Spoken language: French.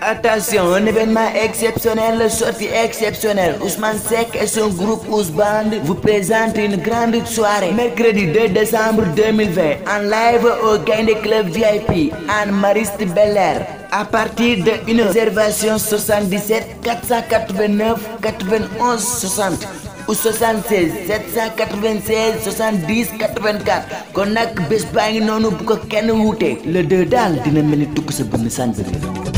Attention, un événement exceptionnel, sortie exceptionnelle. Ousmane Sek et son groupe Ousband vous présentent une grande soirée. Mercredi 2 décembre 2020, en live au de Club VIP, anne Mariste Bel Air. À partir de une réservation 77 489 91 60. ou 76 796 70 84 kon nag bés baa ngi noonu bu ko kenn wuute le deux daal dina mel ni tukk sa bënn sànni